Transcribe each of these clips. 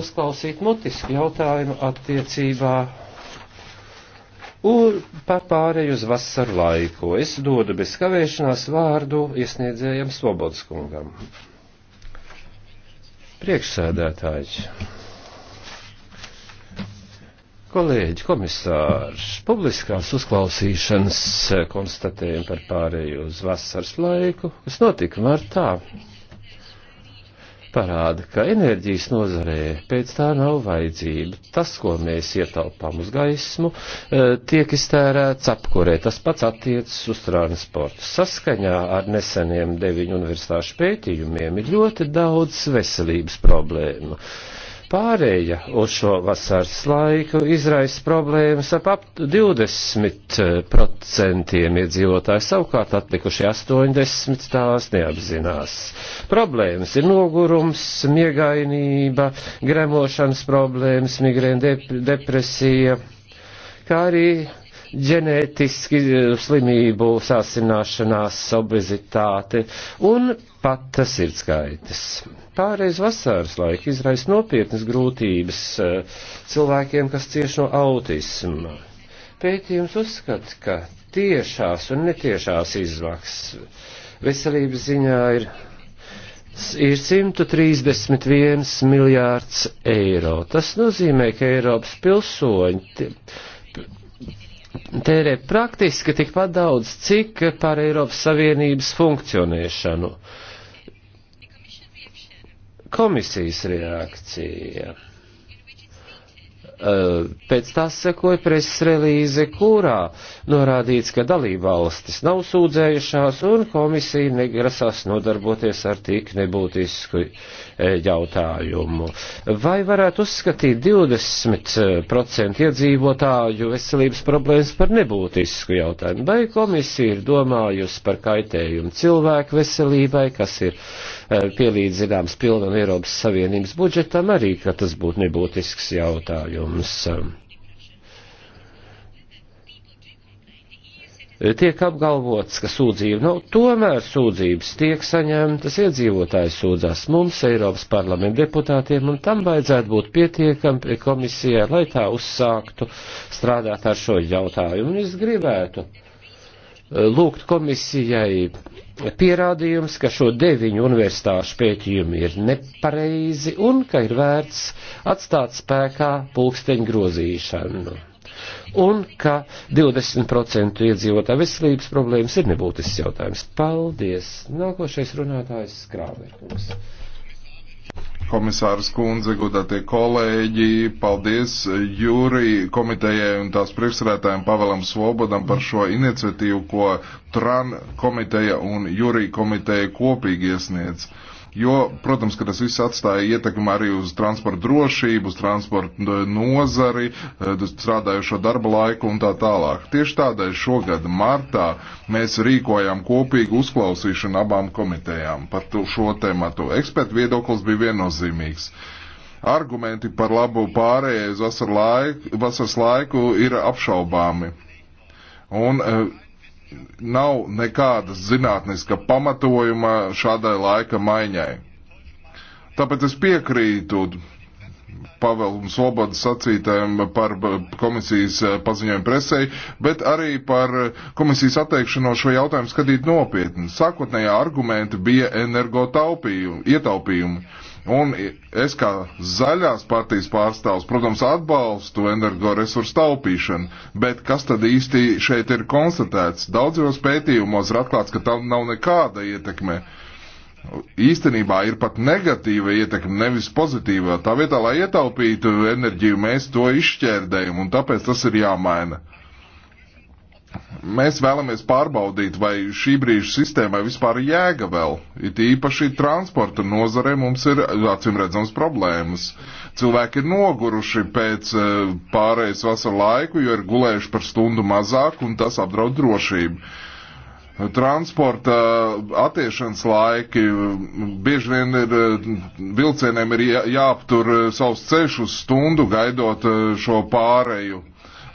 uzklausīt mutisku jautājumu attiecībā un par pārēju uz vasaru laiku. Es dodu bez kavēšanās vārdu iesniedzējiem Svobodskungam. Priekšsēdētājs. Kolēģi, komisārs, publiskās uzklausīšanas eh, konstatējumi par pārēju uz vasaras laiku, kas notika martā, parāda, ka enerģijas nozarē pēc tā nav vajadzība. Tas, ko mēs ietaupām uz gaismu, eh, tiek iztērēts apkurē. Tas pats attiecas uz transportu. Saskaņā ar neseniem deviņu universitāšu pētījumiem ir ļoti daudz veselības problēmu. Pārēja uz šo vasaras laiku izraisa problēmas ap, ap 20% iedzīvotāji, savukārt atlikuši 80 tās neapzinās. Problēmas ir nogurums, miegainība, gremošanas problēmas, migrēna depresija, kā arī ģenētiski slimību sāsināšanās, obezitāte un pat sirdskaitas. Pārreiz vasaras laika izraisa nopietnas grūtības eh, cilvēkiem, kas cieš no autisma. Pētījums uzskata, ka tiešās un netiešās izmaksas veselības ziņā ir ir 131 miljārds eiro. Tas nozīmē, ka Eiropas pilsoņi tērē praktiski tikpat daudz, cik par Eiropas Savienības funkcionēšanu. Uh, komisijas reakcija. Pēc tās sekoja preses relīze, kurā norādīts, ka dalībvalstis nav sūdzējušās un komisija negrasās nodarboties ar tik nebūtisku jautājumu. Vai varētu uzskatīt 20% iedzīvotāju veselības problēmas par nebūtisku jautājumu? Vai komisija ir domājusi par kaitējumu cilvēku veselībai, kas ir uh, Eh, pielīdz zināms pilnam Eiropas Savienības budžetam arī, ka tas būtu nebūtisks jautājums. Eh, tiek apgalvots, ka sūdzību nav, tomēr sūdzības tiek saņemtas, iedzīvotāji sūdzās mums, Eiropas parlamenta deputātiem, un tam vajadzētu būt pietiekami komisijai, lai tā uzsāktu strādāt ar šo jautājumu. Un es gribētu uh, Eh, lūgt komisijai pierādījums, ka šo deviņu universitāšu pētījumi ir nepareizi un ka ir vērts atstāt spēkā pulksteņu grozīšanu. Un ka 20% iedzīvotāju veselības problēmas ir nebūtisks jautājums. Paldies! Nākošais runātājs Skrāverkungs komisārs kundze, godātie kolēģi, paldies jūri komitejai un tās priekšsēdētājiem Pavelam Svobodam par šo iniciatīvu, ko TRAN komiteja un jūri komiteja kopīgi iesniedz. Jo, protams, ka tas viss atstāja ietekmi arī uz transporta drošību, uz transporta eh, nozari, eh, strādājušo darba laiku un tā tālāk. Tieši tādēļ šogad martā mēs rīkojām kopīgu uzklausīšanu abām komitejām par šo tematu. Ekspertu viedoklis bija viennozīmīgs. Argumenti par labu pārējai uz vasaras laiku, vasaras laiku ir apšaubāmi. Un, uh, nav nekādas zinātniska pamatojuma šādai laika maiņai. Tāpēc es piekrītu Pavelam Svobodas sacītājiem par komisijas paziņojumu presē, bet arī par komisijas atteikšanos šo jautājumu skatīt nopietni. Sākotnējā argumenta bija energotaupījumi, ietaupījumi. Un es kā zaļās partijas pārstāvs, protams, atbalstu energoresursu taupīšanu, bet kas tad īsti šeit ir konstatēts? Daudzos pētījumos ir atklāts, ka tam nav nekāda ietekme. Īstenībā ir pat negatīva ietekme, nevis pozitīva. Tā vietā, lai ietaupītu enerģiju, mēs to izšķērdējam, un tāpēc tas ir jāmaina. Mēs vēlamies pārbaudīt, vai šī brīža sistēmai vispār ir jēga vēl. It īpaši transporta nozarē mums ir acīm redzams problēmas. Cilvēki ir noguruši pēc eh, pārējais vasaru laiku, jo ir gulējuši par stundu mazāk, un tas apdraud drošību. Transporta eh, attiešanas laiki mm, bieži vien ir eh, vilcieniem ir jāaptur savus ceļus uz stundu, gaidot šo pāreju,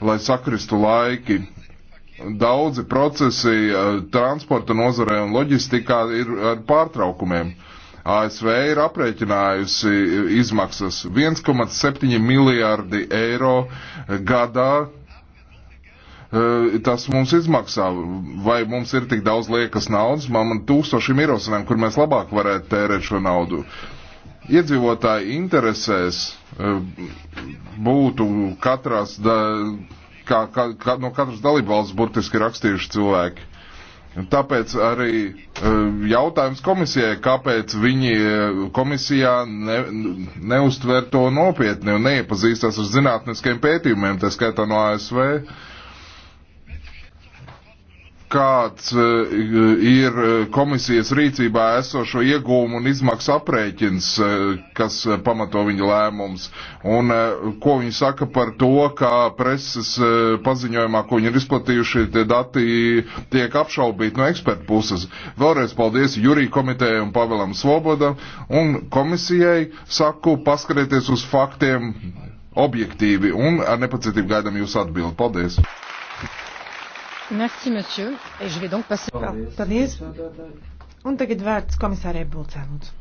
lai sakristu laiki Daudzi procesi eh, transporta nozarē un loģistikā ir ar pārtraukumiem. ASV ir aprēķinājusi eh, izmaksas 1,7 miljārdi eiro gadā. Eh, tas mums izmaksā, vai mums ir tik daudz liekas naudas, man tūkstošiem ierosinājumu, kur mēs labāk varētu tērēt šo naudu. Iedzīvotāji interesēs būtu katrās da, kā, kā, kā no katras dalībvalsts burtiski rakstījuši cilvēki. Tāpēc arī eh, jautājums komisijai, kāpēc viņi eh, komisijā ne, neuztver to nopietni un neiepazīstas ar zinātniskiem pētījumiem, tā skaitā no ASV. Uh, kāds eh, ir eh, komisijas rīcībā esošo iegūmu un izmaksu aprēķins, eh, kas pamato viņa lēmums, un ko viņi saka par to, ka preses paziņojumā, ko viņi ir izplatījuši, tie dati tiek apšaubīti no ekspertu puses. Vēlreiz paldies Jurī komitējai un Pavelam Svobodam un komisijai saku paskarieties uz faktiem objektīvi un ar nepacietību gaidam jūsu atbildi. Paldies! Merci, monsieur. Et je vais donc passer... Paldies. Paldies. Un tagad vērts komisārai Bulcē, lūdzu.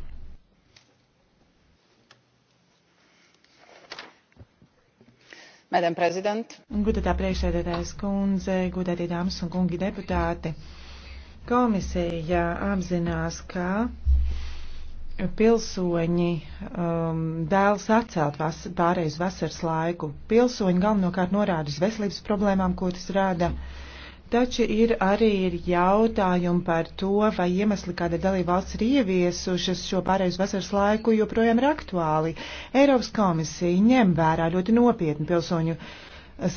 Madam President. Gudatā priekšsēdētājas kundze, gudatie dāmas un kungi deputāti. Komisija apzinās, ka pilsoņi um, dēls atcelt vas, pārējais vasaras laiku. Pilsoņi galvenokārt norāda uz veselības problēmām, ko tas rāda. Uh, Taču ir arī ir jautājumi par to, vai iemesli, kāda dalībvalsts ir ieviesušas šo pārējus vasaras laiku, joprojām ir aktuāli. Eiropas komisija ņem vērā ļoti nopietni pilsoņu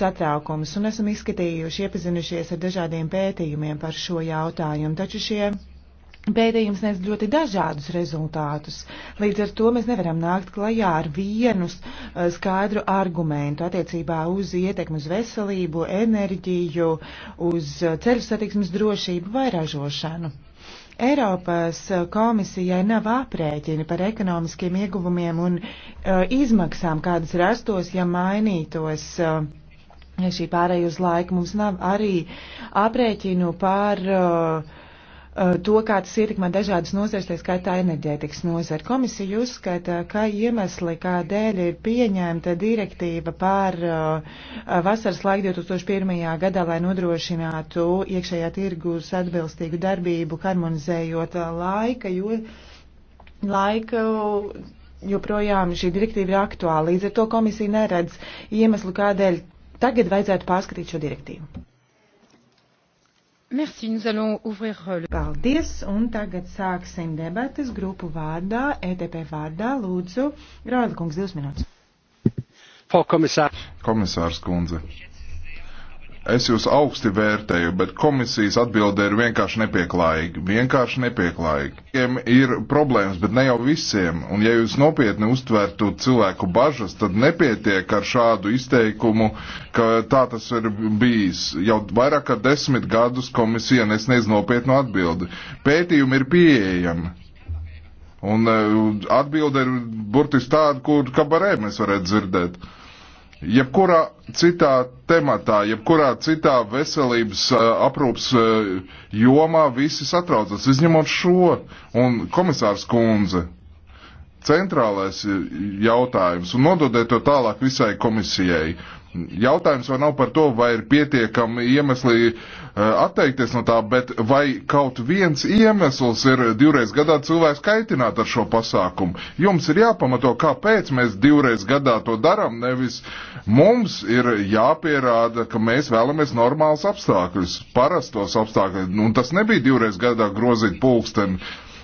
satraukumus un esam izskatījuši, iepazinušies ar dažādiem pētījumiem par šo jautājumu. Taču šie Pētījums nes ļoti dažādus rezultātus. Līdz ar to mēs nevaram nākt klajā ar vienu uh, skaidru argumentu attiecībā uz ietekmi uz veselību, enerģiju, uz uh, ceļu satiksmes drošību vai ražošanu. Eiropas uh, komisijai nav aprēķini par ekonomiskiem ieguvumiem un uh, izmaksām, kādas rastos, ja mainītos. Uh, Šī pārējus laika mums nav arī aprēķinu par uh, Uh, to, kā tas ietekmē dažādas nozares, tā skaitā enerģētikas nozara. Komisija uzskata, ka iemesli, kādēļ ir pieņemta direktīva par uh, vasaras laiku 2001. gadā, lai nodrošinātu iekšējā tirgus atbilstīgu darbību, harmonizējot uh, laika, jo laika joprojām šī direktīva ir aktuāla. Līdz ar to komisija neredz iemeslu, kādēļ tagad vajadzētu pārskatīt šo direktīvu. Merci, nous allons ouvrir euh, le... Paldies, un tagad sāksim debatas grupu vārdā, ETP vārdā, lūdzu, Grāda kungs, divas minūtes. Komisārs kundze, Es jūs augsti vērtēju, bet komisijas atbilde ir vienkārši nepieklājīga. Vienkārši nepieklājīga. Viņiem ir problēmas, bet ne jau visiem. Un ja jūs nopietni uztvērtu cilvēku bažas, tad nepietiek ar šādu izteikumu, ka tā tas ir bijis. Jau vairāk kā desmit gadus komisija nesniedz nopietnu atbildi. Pētījumi ir pieejami. Un e, atbilde ir burtiski tāda, kur kabarē mēs varētu dzirdēt jebkurā citā tematā, jebkurā citā veselības eh, aprūpas eh, jomā visi satraucas, izņemot šo un komisārs kundze. Centrālais eh, jautājums un nododiet to tālāk visai komisijai. Jautājums vai nav par to, vai ir pietiekami iemesli uh, Eh, atteikties no tā, bet vai kaut viens iemesls ir divreiz gadā cilvēks kaitināt ar šo pasākumu? Jums ir jāpamato, kāpēc mēs divreiz gadā to darām, nevis mums ir jāpierāda, ka mēs vēlamies normālus apstākļus, parastos apstākļus. Nu, un tas nebija divreiz gadā grozīt pulksteni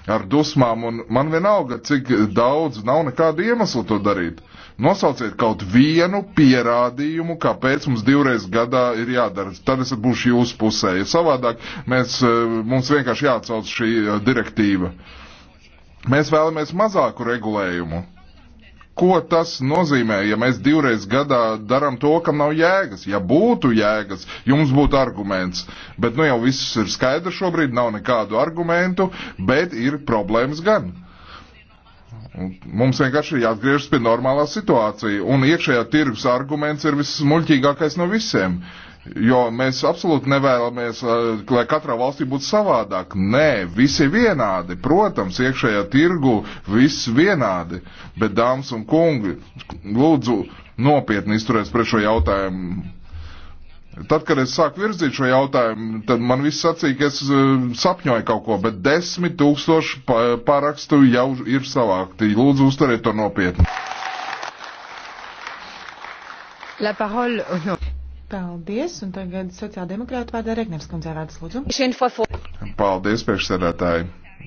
ar dusmām, un man vienalga, cik daudz nav nekādu iemeslu to darīt. Nosauciet kaut vienu pierādījumu, kāpēc mums divreiz gadā ir jādara. Tad es būšu jūsu pusē. Ja savādāk mēs, eh, mums vienkārši jāatsauc šī eh, direktīva. Mēs vēlamies mazāku regulējumu. Ko tas nozīmē, ja mēs divreiz gadā darām to, kam nav jēgas? Ja būtu jēgas, jums būtu arguments. Bet nu jau viss ir skaidrs šobrīd, nav nekādu argumentu, bet ir problēmas gan. Mums vienkārši ir jāatgriežas pie normālās situācijas, un iekšējā tirgus arguments ir vismuļķīgākais no visiem. Jo mēs absolūti nevēlamies, eh, lai katrā valstī būtu savādāk. Nē, visi vienādi. Protams, iekšējā tirgu viss vienādi. Bet, dāmas un kungi, lūdzu nopietni izturēties pret šo jautājumu. Tad, kad es sāku virzīt šo jautājumu, tad man viss sacīja, ka es eh, sapņoju kaut ko, bet desmit tūkstoši parakstu jau ir savākti. Lūdzu, uztveriet to nopietni. La parole. No. Paldies, un tagad sociāldemokrāta vārdā Regnevs kundzē vārds, lūdzu. Paldies, priekšsēdētāji.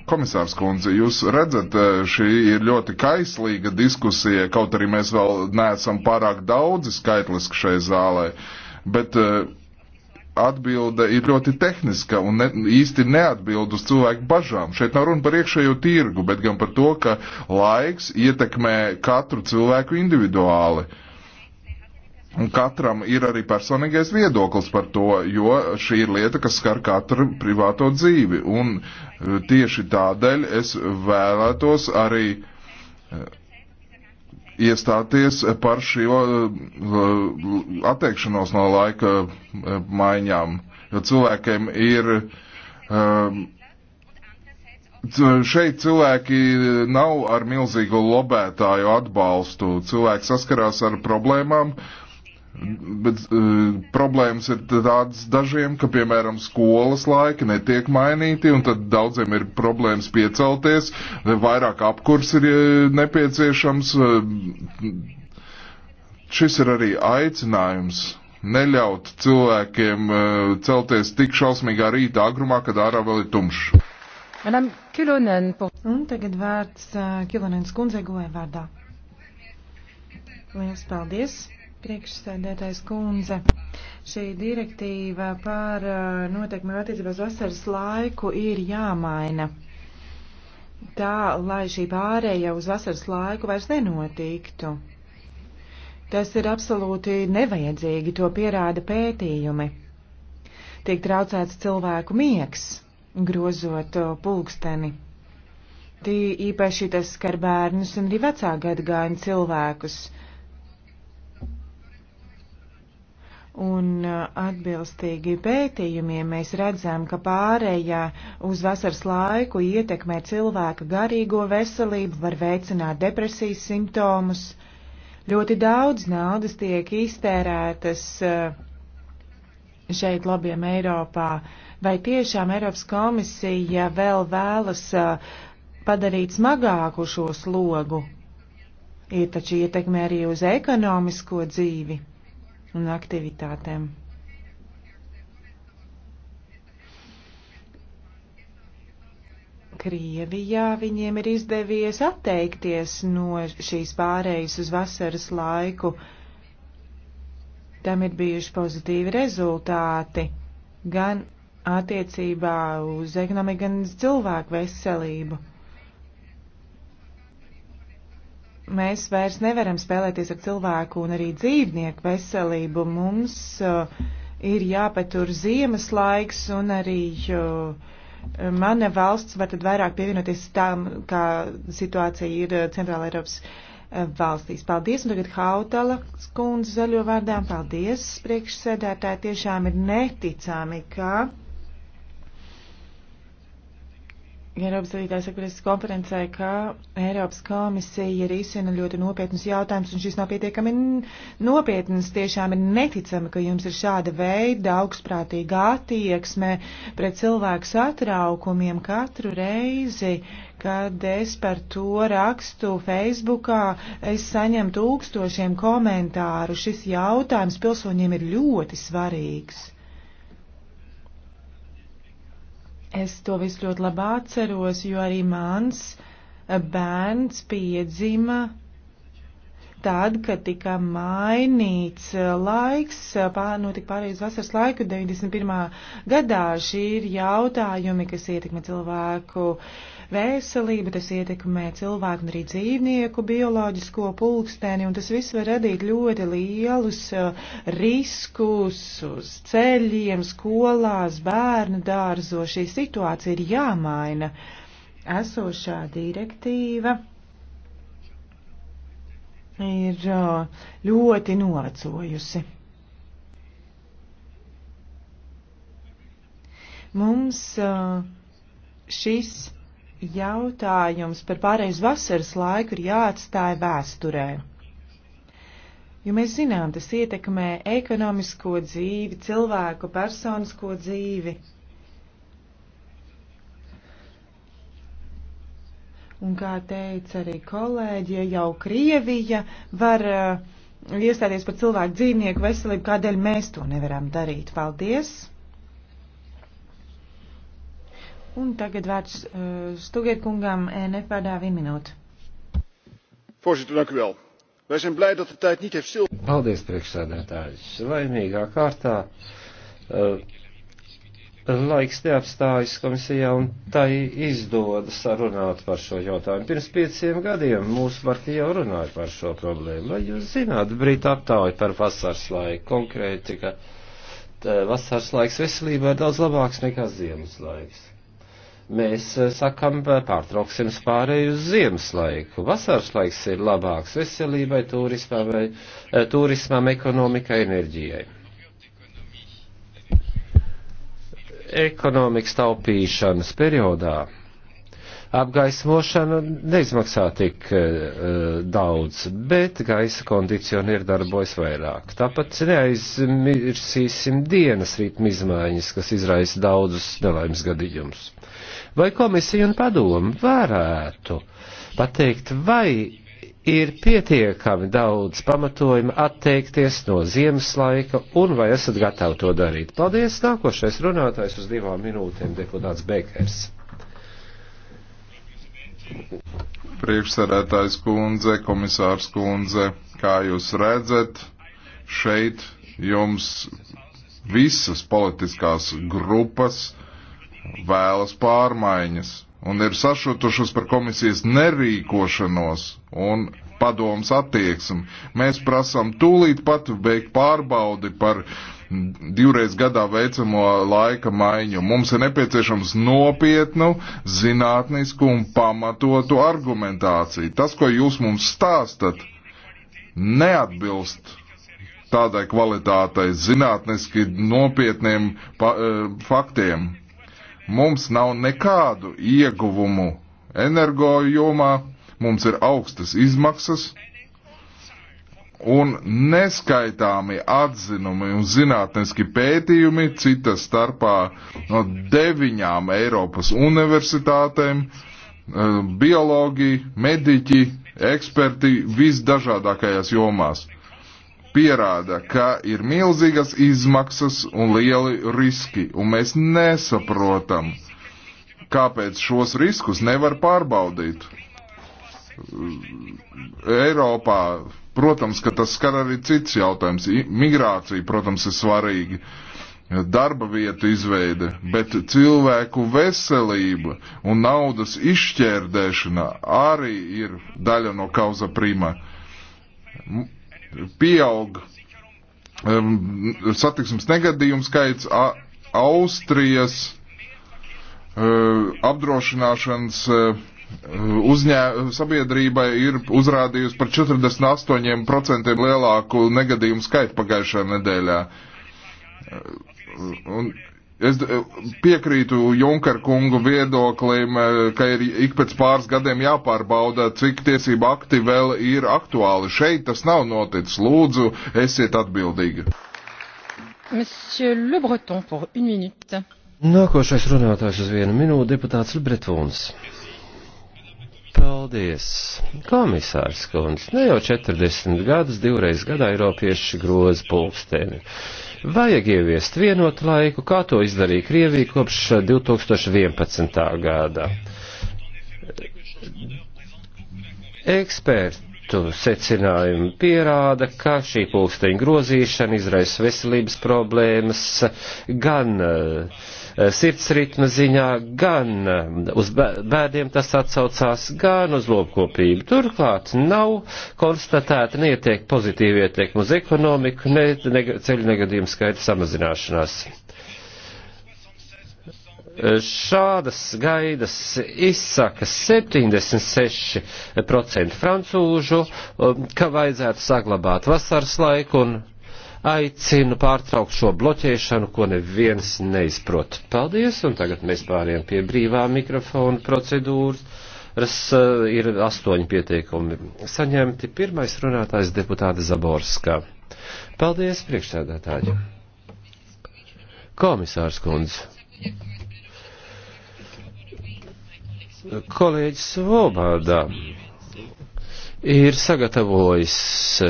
Komisārs kundze, jūs redzat, eh, šī ir ļoti kaislīga diskusija, kaut arī mēs vēl neesam pārāk daudzi skaitliski šai zālē. Uh, bet uh, atbilde ir ļoti tehniska un ne, īsti neatbild uz cilvēku bažām. Šeit nav runa par iekšējo tirgu, bet gan par to, ka laiks ietekmē katru cilvēku individuāli. Un katram ir arī personīgais viedoklis par to, jo šī ir lieta, kas skar katru privāto dzīvi. Un uh, tieši tādēļ es vēlētos arī uh, iestāties par šo eh, atteikšanos no laika eh, maiņām, jo cilvēkiem ir eh, šeit cilvēki nav ar milzīgu lobētāju atbalstu. Cilvēki saskarās ar problēmām, Bet uh, problēmas ir tādas dažiem, ka, piemēram, skolas laika netiek mainīti, un tad daudziem ir problēmas piecelties, vairāk apkurs ir e, nepieciešams. E, šis ir arī aicinājums neļaut cilvēkiem celties tik šausmīgā rīta agrumā, kad ārā vēl ir tumšs. Un tagad vērts Kilonēns kundzei goja vārdā. Liels paldies! Priekšsēdētājs kundze, šī direktīva par uh, noteikumiem attiecībās vasaras laiku ir jāmaina. Tā, lai šī pārēja uz vasaras laiku vairs nenotiktu. Tas ir absolūti nevajadzīgi, to pierāda pētījumi. Tiek traucēts cilvēku miegs, grozot uh, pulksteni. Tī īpaši tas skar bērnus un arī vecā gadgājuma cilvēkus Un uh, atbilstīgi pētījumiem mēs redzam, ka pārējā uz vasaras laiku ietekmē cilvēka garīgo veselību, var veicināt depresijas simptomus. Ļoti daudz naudas tiek iztērētas uh, šeit labiem Eiropā. Vai tiešām Eiropas komisija vēl vēlas uh, padarīt smagāku šo slogu? Ir taču ietekmē arī uz ekonomisko dzīvi un aktivitātēm. Krievijā viņiem ir izdevies atteikties no šīs pārējas uz vasaras laiku. Tam ir bijuši pozitīvi rezultāti gan attiecībā uz ekonomiku, gan cilvēku veselību. mēs vairs nevaram spēlēties ar cilvēku un arī dzīvnieku veselību. Mums uh, ir jāpatur ziemas laiks un arī uh, mana valsts var tad vairāk pievienoties tām, kā situācija ir uh, Centrāla Eiropas uh, valstīs. Paldies, un tagad Hautala skundze zaļo vārdām. Paldies, priekšsēdētāji, tiešām ir neticami, ka. Kā Eiropas Savienības ekonomikas konferencē, ka Eiropas komisija risina ļoti nopietnus jautājumus, un šis nav pietiekami nopietns. Tiešām ir neticami, ka jums ir šāda veida augstprātīga attieksme pret cilvēku satraukumiem katru reizi, kad es par to rakstu Facebookā, es saņemu tūkstošiem komentāru. Šis jautājums pilsoņiem ir ļoti svarīgs. Es to visu ļoti labi atceros, jo arī mans eh, bērns piedzima tad, kad tika mainīts eh, laiks, eh, pār, notika pārējais vasaras laiku 91. gadā. Šī ir jautājumi, kas ietekmē cilvēku veselību, tas ietekmē cilvēku un arī dzīvnieku bioloģisko pulksteni, un tas viss var radīt ļoti lielus eh, riskus uz ceļiem, skolās, bērnu dārzo. Šī situācija ir jāmaina esošā direktīva ir uh, ļoti novecojusi. Mums uh, šis jautājums par pārējais vasaras laiku ir jāatstāja vēsturē. Jo mēs zinām, tas ietekmē ekonomisko dzīvi, cilvēku personisko dzīvi. Un kā teica arī kolēģi, ja jau Krievija var uh, iestāties par cilvēku dzīvnieku veselību, kādēļ mēs to nevaram darīt? Paldies! Un tagad vērts uh, eh, Stugiet kungam e nepārdā vienu minūtu. Voorzitter, dank u wel. Wij zijn blij dat de tijd niet heeft stil. Paldies, priekšsēdētājs. Laimīgā kārtā. Uh, laiks neapstājas komisijā un tai izdodas runāt par šo jautājumu. Pirms pieciem gadiem mūsu partija jau runāja par šo problēmu. Vai jūs zināt, Brita aptauja par vasaras laiku konkrēti, ka vasaras laiks veselībā ir daudz labāks nekā ziemas laiks. Mēs e, sakam, e, pārtrauksim pārēju uz ziemas laiku. Vasaras laiks ir labāks veselībai, turismam, e, turismam ekonomikai, enerģijai. ekonomikas taupīšanas periodā apgaismošana neizmaksā tik uh, daudz, bet gaisa kondicionieri darbojas vairāk. Tāpat neaizmirsīsim dienas ritmu izmaiņas, kas izraisa daudzus nelaimes gadījumus. Vai komisija un padomu varētu pateikt, vai ir pietiekami daudz pamatojuma atteikties no ziemas laika, un vai esat gatavi to darīt? Paldies! Nākošais runātājs uz divām minūtēm, deputāts Bekers. Priekšsarētājs kundze, komisārs kundze, kā jūs redzat, šeit jums visas politiskās grupas vēlas pārmaiņas un ir sašutušas par komisijas nerīkošanos un padomas attieksmi. Mēs prasām tūlīt pat veikt pārbaudi par divreiz gadā veicamo laika maiņu. Mums ir nepieciešams nopietnu, zinātnisku un pamatotu argumentāciju. Tas, ko jūs mums stāstat, neatbilst tādai kvalitātei, zinātniski nopietniem pa, eh, faktiem. Mums nav nekādu ieguvumu energojumā, mums ir augstas izmaksas un neskaitāmi atzinumi un zinātniski pētījumi, cita starpā no deviņām Eiropas universitātēm, eh, biologi, mediķi, eksperti visdažādākajās jomās pierāda, ka ir milzīgas izmaksas un lieli riski, un mēs nesaprotam, kāpēc šos riskus nevar pārbaudīt. Eiropā, protams, ka tas skar arī cits jautājums. Migrācija, protams, ir svarīga, darba vieta izveide, bet cilvēku veselība un naudas izšķērdēšana arī ir daļa no kauza prima pieaug um, satiksmes negadījumu skaits, a, Austrijas uh, apdrošināšanas uh, uzņē, sabiedrībai ir uzrādījusi par 48% lielāku negadījumu skaitu pagājušajā nedēļā. Uh, un Es eh, piekrītu Junkar kungu viedoklim, eh, ka ir ik pēc pāris gadiem jāpārbauda, cik tiesība akti vēl ir aktuāli. Šeit tas nav noticis. Lūdzu, esiet atbildīgi. Breton, Nākošais runātājs uz vienu minūti deputāts Lebretons. Paldies! Komisārs Kundze, ne jau 40 gadus, divreiz gadā Eiropieši groz pulksteni. Vajag ieviest vienotu laiku, kā to izdarīja Krievija kopš 2011. gada. Eksperti ekspertu secinājumi pierāda, ka šī pulksteņa grozīšana izraisa veselības problēmas gan uh, Eh, sirdsritma ziņā, gan eh, uz bēdiem tas atsaucās, gan uz lopkopību. Turklāt nav konstatēta netiek pozitīva ietekma uz ekonomiku, ne, ne ceļu negadījumu skaita samazināšanās. Eh, šādas gaidas izsaka 76% francūžu, ka vajadzētu saglabāt vasaras laiku un aicinu pārtraukt šo bloķēšanu, ko neviens neizprot. Paldies, un tagad mēs pāriem pie brīvā mikrofona procedūras. Ras, eh, ir astoņi pieteikumi saņemti. Pirmais runātājs deputāte Zaborska. Paldies, priekšsēdētāji. Komisārs kundze. Kolēģis Svobodā ir sagatavojis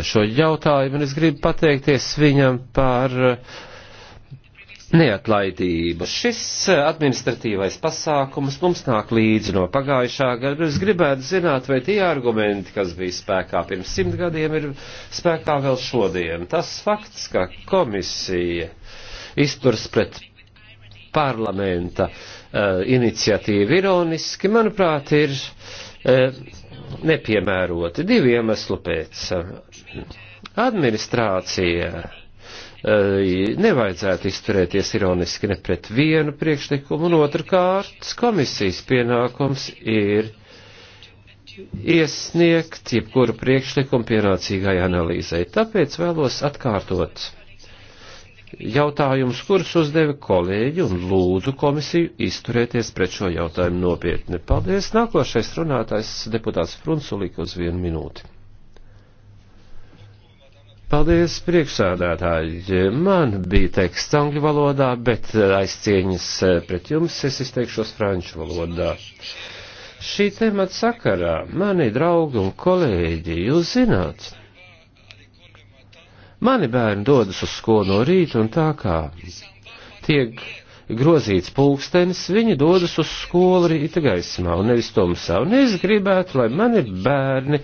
šo jautājumu, un es gribu pateikties viņam par neatlaidību. Šis administratīvais pasākums mums nāk līdzi no pagājušā gada. Es gribētu zināt, vai tie argumenti, kas bija spēkā pirms simt gadiem, ir spēkā vēl šodien. Tas fakts, ka komisija izturs pret parlamenta uh, iniciatīvu ironiski, manuprāt, ir uh, nepiemēroti divu iemeslu pēc. Administrācija eh, nevajadzētu izturēties ironiski ne pret vienu priekšlikumu, un otrkārt komisijas pienākums ir iesniegt jebkuru priekšlikumu pienācīgai analīzai. Tāpēc vēlos atkārtot jautājumus, kurus uzdeva kolēģi, un lūdzu komisiju izturēties pret šo jautājumu nopietni. Paldies! Nākošais runātājs deputāts Frunzulika uz vienu minūti. Paldies, priekšsādātāji. Man bija teksts angļu valodā, bet aizcieņas pret jums es izteikšos franču valodā. Šī temata sakarā, mani draugi un kolēģi, jūs zināt, Mani bērni dodas uz skolu no rīta, un tā kā tiek grozīts pulkstenis, viņi dodas uz skolu rīta gaismā, un nevis tumsā. Un es gribētu, lai mani bērni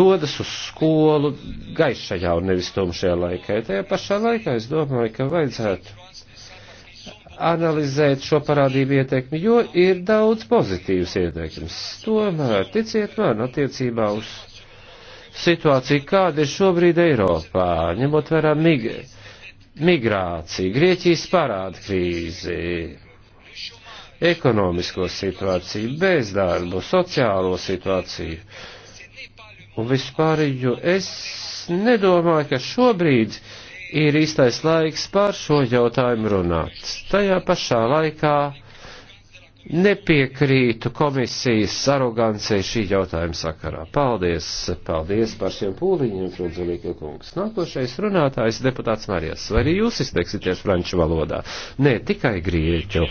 dodas uz skolu gaišajā un nevis tumšajā laikā. Ja tajā pašā laikā es domāju, ka vajadzētu analizēt šo parādību ietekmi, jo ir daudz pozitīvas ietekmes. Tomēr ticiet man attiecībā uz situāciju, kāda ir šobrīd Eiropā, ņemot vērā mig migrāciju, Grieķijas parāda krīzi, ekonomisko situāciju, bezdarbu, sociālo situāciju un vispār, jo es nedomāju, ka šobrīd ir īstais laiks pār šo jautājumu runāt. Tajā pašā laikā nepiekrītu komisijas arogancei šī jautājuma sakarā. Paldies, paldies par šiem pūliņiem, Frunzelīka kungs. Nākošais runātājs deputāts Marijas. Vai arī jūs izteiksieties franču valodā? Nē, tikai grieķu.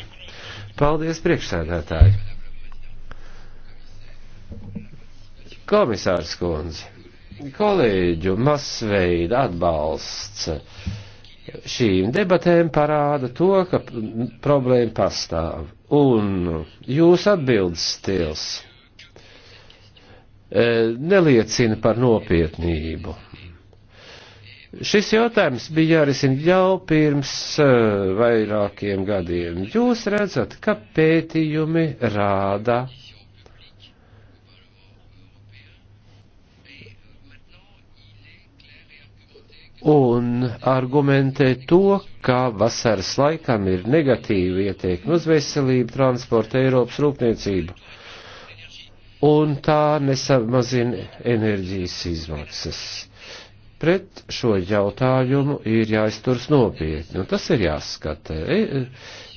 Paldies, priekšsēdētāji. Komisārs kundze, kolēģu masveida atbalsts šīm debatēm parāda to, ka problēma pastāv. Un jūs atbildes stils e, neliecina par nopietnību. Šis jautājums bija jārisina jau pirms e, vairākiem gadiem. Jūs redzat, ka pētījumi rāda un argumentē to, ka vasaras laikam ir negatīva ieteikuma uz veselību, transportu, Eiropas rūpniecību, un tā nesamazina enerģijas izmaksas. Pret šo jautājumu ir jāizturs nopietni, un tas ir jāskata. E,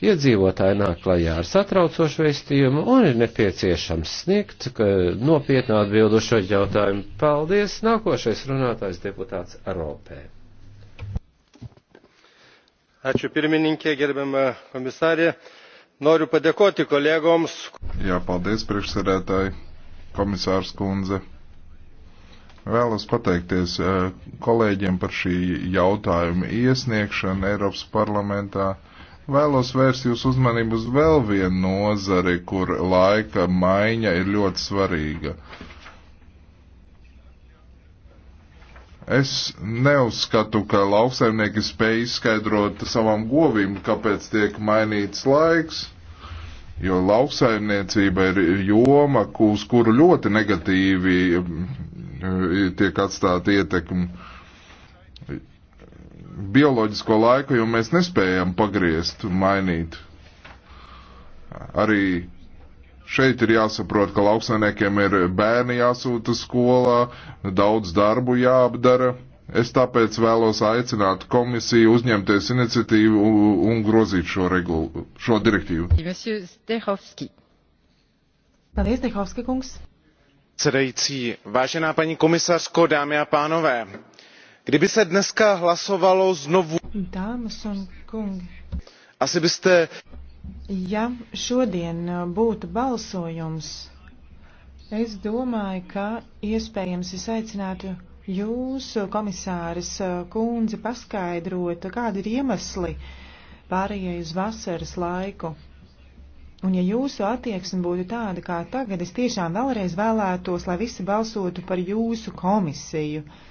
iedzīvotāji nāk klajā ar satraucošu vēstījumu, un ir nepieciešams sniegt nopietnu atbildu šo jautājumu. Paldies! Nākošais runātājs deputāts Aropē gerbiama komisare noriu padėkoti kolegoms. Jā, paldies, priekšsēdētāji, komisārs kundze. Vēlos pateikties eh, kolēģiem par šī jautājuma iesniegšanu Eiropas parlamentā. Vēlos vērst jūsu uzmanību uz vēl vienu nozari, kur laika maiņa ir ļoti svarīga. Es neuzskatu, ka lauksaimnieki spēj izskaidrot savam govīm, kāpēc tiek mainīts laiks, jo lauksaimniecība ir joma, uz kuru ļoti negatīvi mm, tiek atstāta ietekme bioloģisko laiku, jo mēs nespējam pagriezt, mainīt. Arī Šeit ir jāsaprot, ka lauksainiekiem ir bērni jāsūta skolā, daudz darbu jāapdara. Es tāpēc vēlos aicināt komisiju uzņemties iniciatīvu un grozīt šo, regulu, šo direktīvu. Paldies, Dehovski kungs. Předající, vážená paní komisařko, dámy a pánové, kdyby se dneska hlasovalo znovu... Dámas un kungi. Asi byste Ja šodien uh, būtu balsojums, es domāju, ka iespējams es aicinātu jūsu komisāris uh, kundzi paskaidrot, kādi ir iemesli pārējai uz vasaras laiku. Un ja jūsu attieksme būtu tāda kā tagad, es tiešām vēlreiz vēlētos, lai visi balsotu par jūsu komisiju. Uh,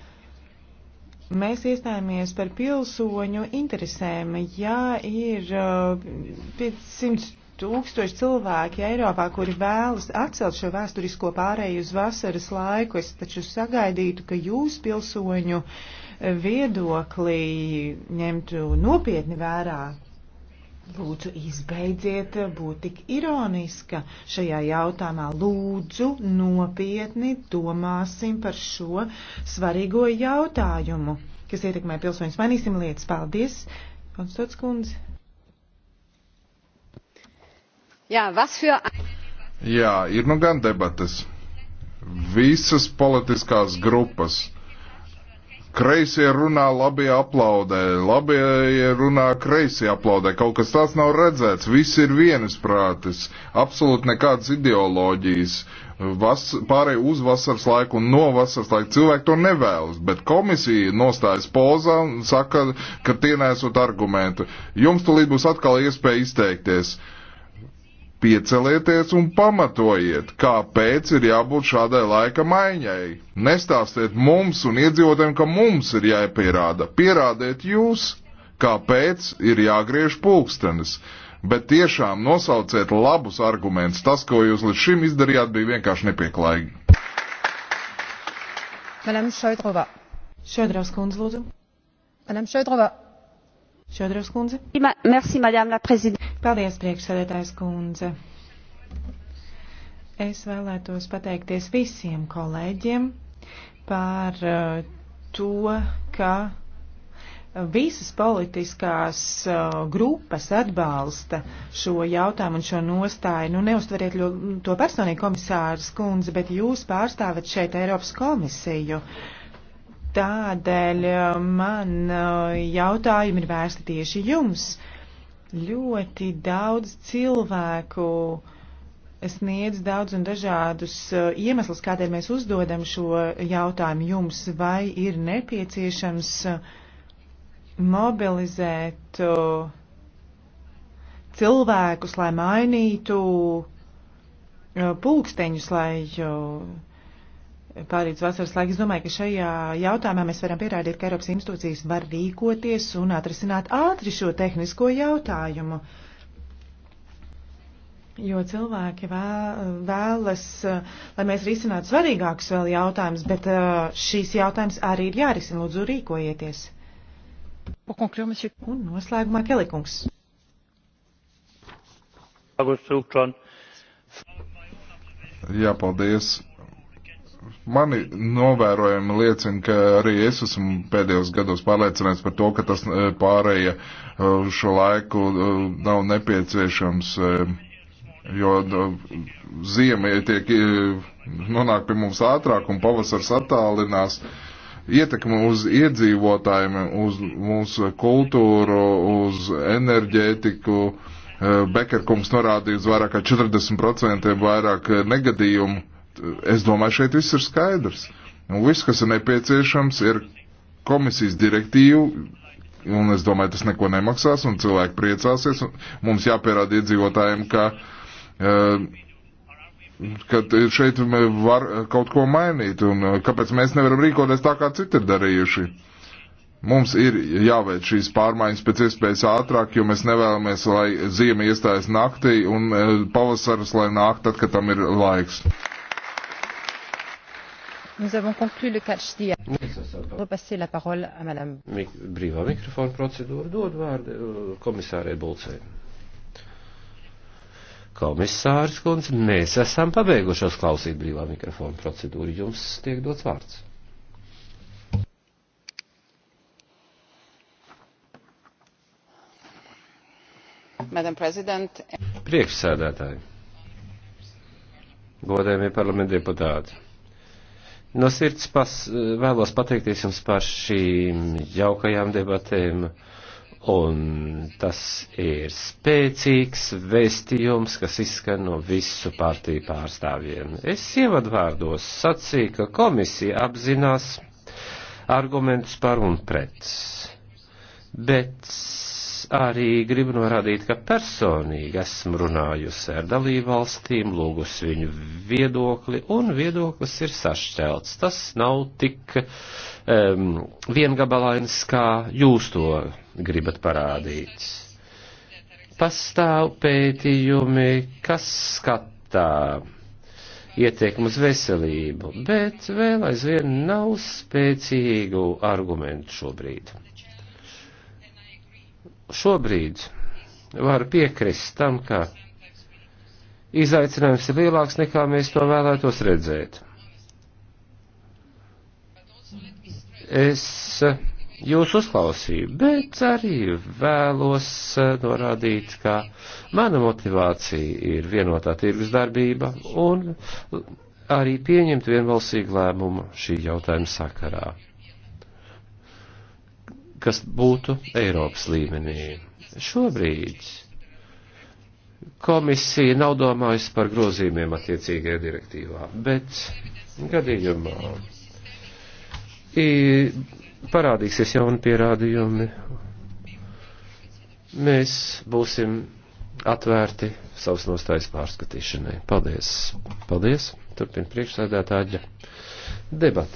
mēs iestājāmies par pilsoņu interesēm. Ja ir 500 uh, tūkstoši cilvēki Eiropā, kuri vēlas atcelt šo vēsturisko pārēju uz vasaras laiku, es taču sagaidītu, ka jūs pilsoņu uh, viedokli ņemtu nopietni vērā Lūdzu, izbeidziet būt tik ironiska šajā jautājumā. Lūdzu, nopietni domāsim par šo svarīgo jautājumu, kas ietekmē pilsoņus. Mainīsim lietas. Paldies, Konstants Kundze. Jā, für... Jā, ir nu gan debates. Visas politiskās grupas Kreisie runā, labie aplaudē, labie runā, kreisie aplaudē. Kaut kas tāds nav redzēts, viss ir vienisprātis, absolūti nekādas ideoloģijas. Vas, pārēj uz vasaras laiku un no vasaras laika cilvēki to nevēlas, bet komisija nostājas pozā un saka, ka tie nesot argumentu. Jums tulīt būs atkal iespēja izteikties. Uh, Piecelieties un pamatojiet, kāpēc ir jābūt šādai laika maiņai. Nestāstiet mums un iedzīvotājiem, ka mums ir jāpierāda. Pierādiet jūs, kāpēc ir jāgriež pulkstenis. Bet tiešām nosauciet labus argumentus. Tas, ko jūs līdz šim izdarījāt, bija vienkārši nepieklājīgi. Madame Šoidrova. Šoidrovs kundze, lūdzu. Madame Šoidrova. Šodros kundze. Merci, madame la prezidente. Paldies, priekšsēdētājs kundze. Es vēlētos pateikties visiem kolēģiem par eh, to, ka visas politiskās eh, grupas atbalsta šo jautājumu un šo nostāju. Nu, neustveriet to personīgi komisārs kundze, bet jūs pārstāvat šeit Eiropas komisiju. Uh, Tādēļ eh, man eh, jautājumi ir vērsti tieši jums. Ļoti daudz cilvēku sniedz daudz un dažādus eh, iemeslus, kādēļ mēs uzdodam šo jautājumu jums, vai ir nepieciešams mobilizēt cilvēkus, lai mainītu pulksteņus, lai pārīdz vasaras laika. Es domāju, ka šajā jautājumā mēs varam pierādīt, ka Eiropas institūcijas var rīkoties un atrisināt ātri šo tehnisko jautājumu. Jo cilvēki vēlas, lai mēs risinātu svarīgākus vēl jautājumus, bet eh, šīs jautājums arī ir jārisina. Lūdzu, rīkojieties. Un noslēgumā Kelikungs. Jā, paldies mani novērojumi liecina, ka arī es esmu pēdējos gados pārliecināts par to, ka tas e, pārēja e, šo laiku e, nav nepieciešams, jo zieme tiek nonāk pie mums ātrāk un pavasars attālinās. Ietekme uz iedzīvotājiem, uz mūsu kultūru, uz enerģētiku. Bekerkungs norādīja uz vairāk kā 40% vairāk negadījumu es domāju, šeit viss ir skaidrs. Un viss, kas ir nepieciešams, ir komisijas direktīva, un es domāju, tas neko nemaksās, un cilvēki priecāsies. Un mums jāpierāda iedzīvotājiem, ka, eh, ka šeit var kaut ko mainīt, un eh, kāpēc mēs nevaram rīkoties tā, kā citi ir darījuši. Mums ir jāveic šīs pārmaiņas pēc iespējas ātrāk, jo mēs nevēlamies, lai ziema iestājas naktī un eh, pavasaris, lai nāk tad, kad tam ir laiks. Nous avons conclu le catch the Repasser la parole à madame. Mik brīvā mikrofona procedūra dod vārdu uh, komisārai Bulcē. Komisārs kundze, mēs esam pabeigušos klausīt brīvā mikrofona procedūru. Jums tiek dots vārds. Priekšsēdētāji, godējumie parlamenta deputāti, No sirds pas, vēlos pateikties jums par šīm jaukajām debatēm, un tas ir spēcīgs vēstījums, kas izskan no visu partiju pārstāvjiem. Es ievadvārdos sacīju, ka komisija apzinās argumentus par un pret, bet arī gribu norādīt, ka personīgi esmu runājusi ar dalībvalstīm, lūgus viņu viedokli, un viedoklis ir sašķelts. Tas nav tik um, viengabalains, kā jūs to gribat parādīt. Pastāv pētījumi, kas skatā ietekmu uz veselību, bet vēl aizvien nav spēcīgu argumentu šobrīd šobrīd varu piekrist tam, ka izaicinājums ir lielāks nekā mēs to vēlētos redzēt. Es jūs uzklausīju, bet arī vēlos norādīt, ka mana motivācija ir vienotā tirgus darbība un arī pieņemt vienbalsīgu lēmumu šī jautājuma sakarā kas būtu Eiropas līmenī. Šobrīd komisija nav domājusi par grozījumiem attiecīgajā direktīvā, bet gadījumā I parādīsies jauni pierādījumi. Mēs būsim atvērti savas nostājas pārskatīšanai. Paldies! Paldies! Turpin priekšsēdētāģa debati.